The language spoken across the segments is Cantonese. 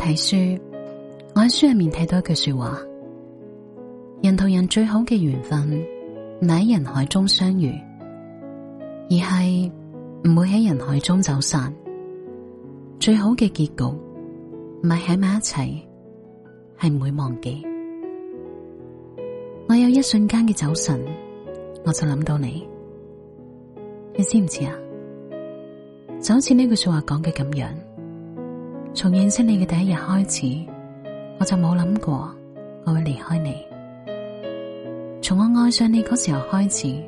睇書，我喺書入面睇到一句說話：人同人最好嘅緣分唔喺人海中相遇，而係唔會喺人海中走散。最好嘅結局唔係喺埋一齊，係唔會忘記。我有一瞬間嘅走神，我就諗到你，你知唔知啊？就好似呢句說話講嘅咁樣。從認識你嘅第一日開始，我就冇諗過我會離開你。從我愛上你嗰時候開始，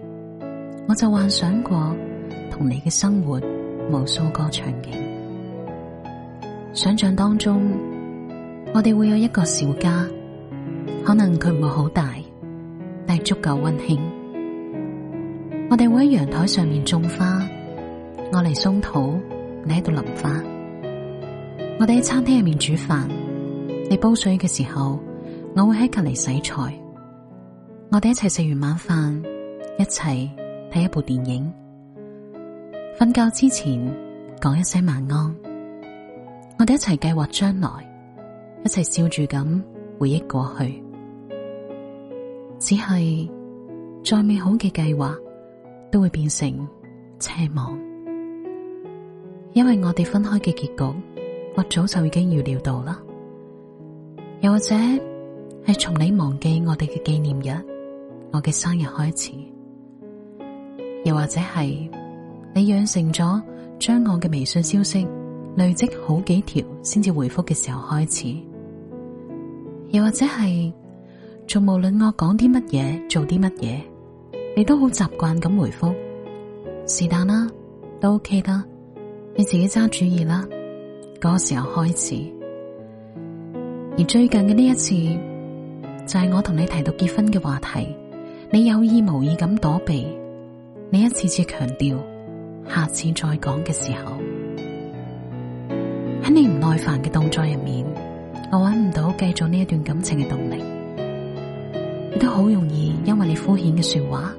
我就幻想過同你嘅生活無數個場景。想象當中，我哋會有一個小家，可能佢唔會好大，但係足夠溫馨。我哋會喺陽台上面種花，我嚟鬆土，你喺度淋花。我哋喺餐廳入面煮飯，你煲水嘅時候，我會喺隔籬洗菜。我哋一齊食完晚飯，一齊睇一部電影，瞓覺之前講一聲晚安。我哋一齊計劃將來，一齊笑住咁回憶過去。只係再美好嘅計劃，都會變成奢望，因為我哋分開嘅結局。我早就已經預料到啦，又或者係從你忘記我哋嘅紀念日，我嘅生日開始，又或者係你養成咗將我嘅微信消息累積好幾條先至回復嘅時候開始，又或者係從無論我講啲乜嘢、做啲乜嘢，你都好習慣咁回復，是但啦，都 OK 啦，你自己揸主意啦。嗰個時候開始，而最近嘅呢一次，就係我同你提到結婚嘅話題，你有意無意咁躲避，你一次次強調下次再講嘅時候，喺你唔耐煩嘅動作入面，我揾唔到繼續呢一段感情嘅動力，亦都好容易因為你敷衍嘅說話，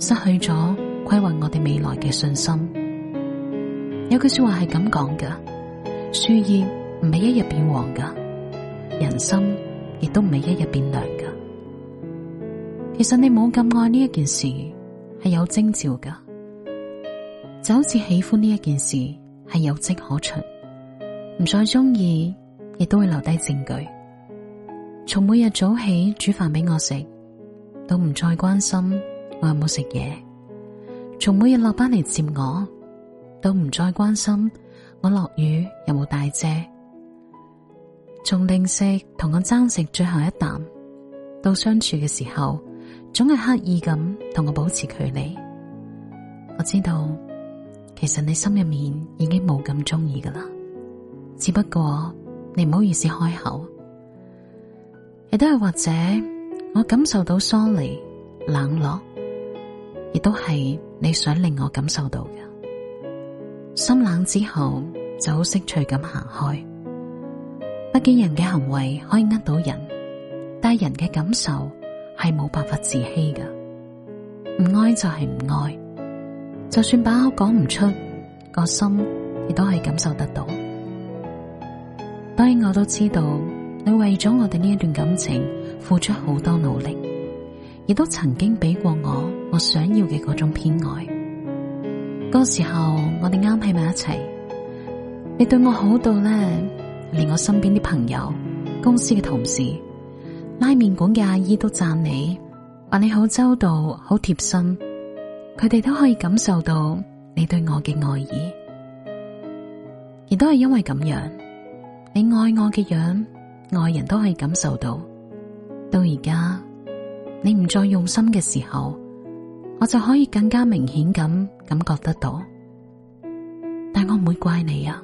失去咗規劃我哋未來嘅信心。有句說話係咁講嘅。樹葉唔係一日變黃噶，人心亦都唔係一日變涼噶。其實你冇咁愛呢一件事，係有徵兆噶。就好似喜歡呢一件事係有迹可循，唔再中意亦都會留低證據。從每日早起煮飯俾我食，都唔再關心我有冇食嘢；從每日落班嚟接我，都唔再關心。我落雨又冇帶遮，從零食同我爭食最後一啖，到相處嘅時候，總係刻意咁同我保持距離。我知道其實你心入面已經冇咁中意噶啦，只不過你唔好意思開口，亦都係或者我感受到疏離、冷落，亦都係你想令我感受到嘅。心冷之後就好識趣咁行開。畢竟人嘅行為可以呃到人，但係人嘅感受係冇辦法自欺噶。唔愛就係唔愛，就算把口講唔出，個心亦都係感受得到。當然我都知道，你為咗我哋呢一段感情付出好多努力，亦都曾經俾過我我想要嘅嗰種偏愛。嗰時候。我哋啱喺埋一齊，你對我好到咧，連我身邊啲朋友、公司嘅同事、拉麵館嘅阿姨都讚你，話你好周到，好貼心，佢哋都可以感受到你對我嘅愛意，亦都係因為咁樣，你愛我嘅樣，外人都可以感受到。到而家，你唔再用心嘅時候，我就可以更加明顯咁感覺得到。但我唔會怪你啊，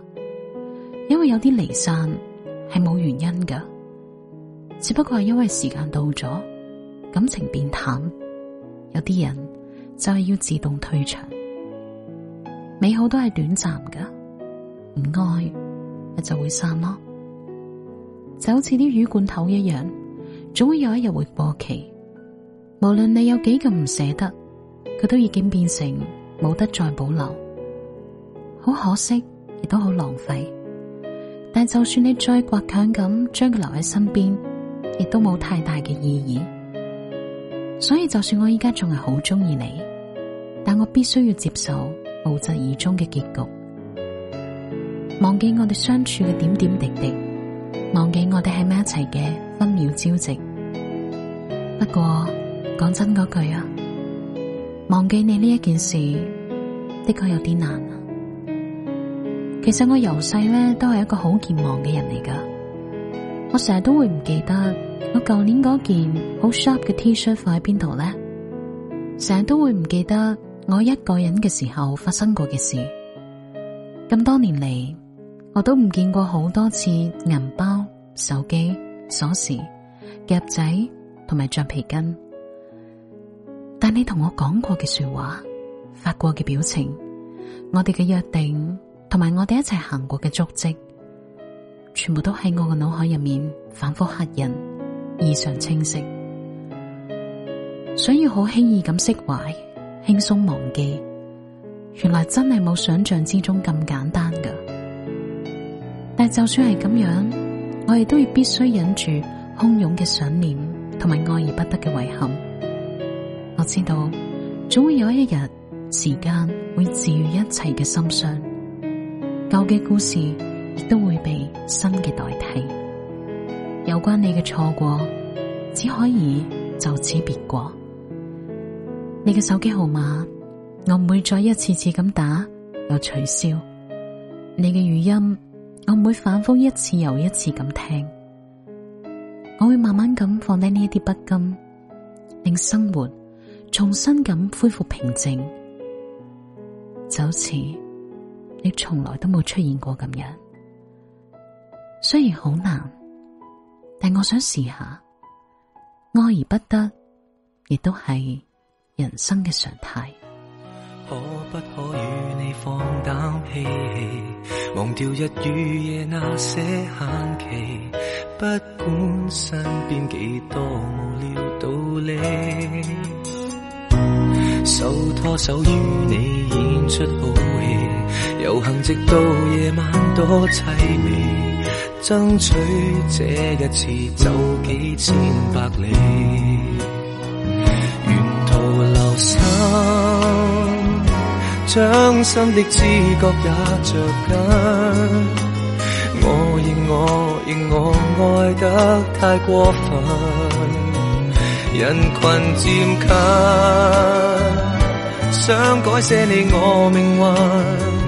因為有啲離散係冇原因噶，只不過係因為時間到咗，感情變淡，有啲人就係要自動退場。美好都係短暫噶，唔愛，咪就會散咯，就好似啲魚罐頭一樣，總會有一日會過期。無論你有幾咁唔捨得，佢都已經變成冇得再保留。好可惜，亦都好浪費。但就算你再倔強咁將佢留喺身邊，亦都冇太大嘅意義。所以就算我依家仲係好中意你，但我必須要接受無疾而終嘅結局。忘記我哋相處嘅點點滴滴，忘記我哋喺埋一齊嘅分秒朝夕。不過講真嗰句啊，忘記你呢一件事的確有啲難。其實我由細咧都係一個好健忘嘅人嚟噶，我成日都會唔記得我舊年嗰件好 sharp 嘅 T-shirt 放喺邊度咧，成日都會唔記得我一個人嘅時候發生過嘅事。咁多年嚟，我都唔見過好多次銀包、手機、鎖匙、夾仔同埋橡皮筋。但你同我講過嘅說話、發過嘅表情、我哋嘅約定。同埋我哋一齊行過嘅足跡，全部都喺我嘅腦海入面反覆刻印，異常清晰。想要好輕易咁釋懷、輕鬆忘記，原來真係冇想象之中咁簡單噶。但就算係咁樣，我哋都要必須忍住洶湧嘅想念，同埋愛而不得嘅遺憾。我知道，總會有一日，時間會治癒一切嘅心傷。舊嘅故事亦都會被新嘅代替，有關你嘅錯過，只可以就此別過。你嘅手機號碼，我唔會再一次次咁打又取消。你嘅語音，我唔會反覆一次又一次咁聽。我會慢慢咁放低呢一啲不甘，令生活重新咁恢復平靜，就好似，你從來都冇出現過咁樣，雖然好難，但我想試下，愛而不得，亦都係人生嘅常態。可不可與你放膽嬉戲，忘掉日與夜那些限期，不管身邊幾多無聊道理，手拖手與你演出。遊行直到夜晚多悽美，爭取這一次走幾千百里，沿途留心，將心的知覺也着緊。我認我認我愛得太過分，人群漸近，想改寫你我命運。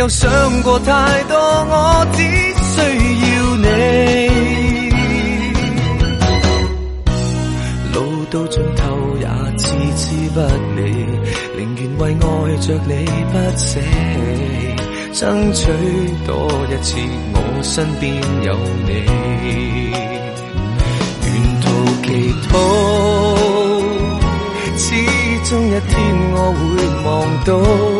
有想過太多，我只需要你。路到盡頭也置之不理，寧願為愛着你不捨，爭取多一次，我身邊有你。沿途祈禱，始終一天我會望到。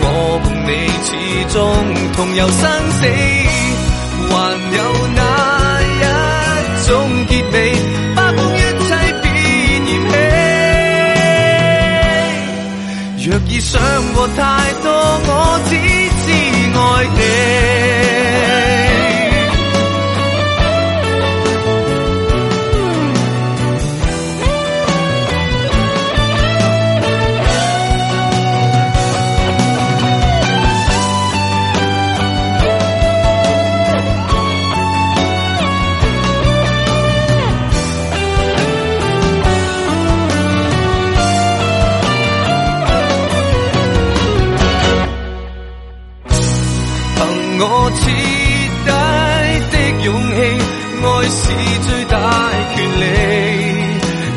始終同游生死，還有哪一種結尾？不顧一切變嫌棄，若已想過太多。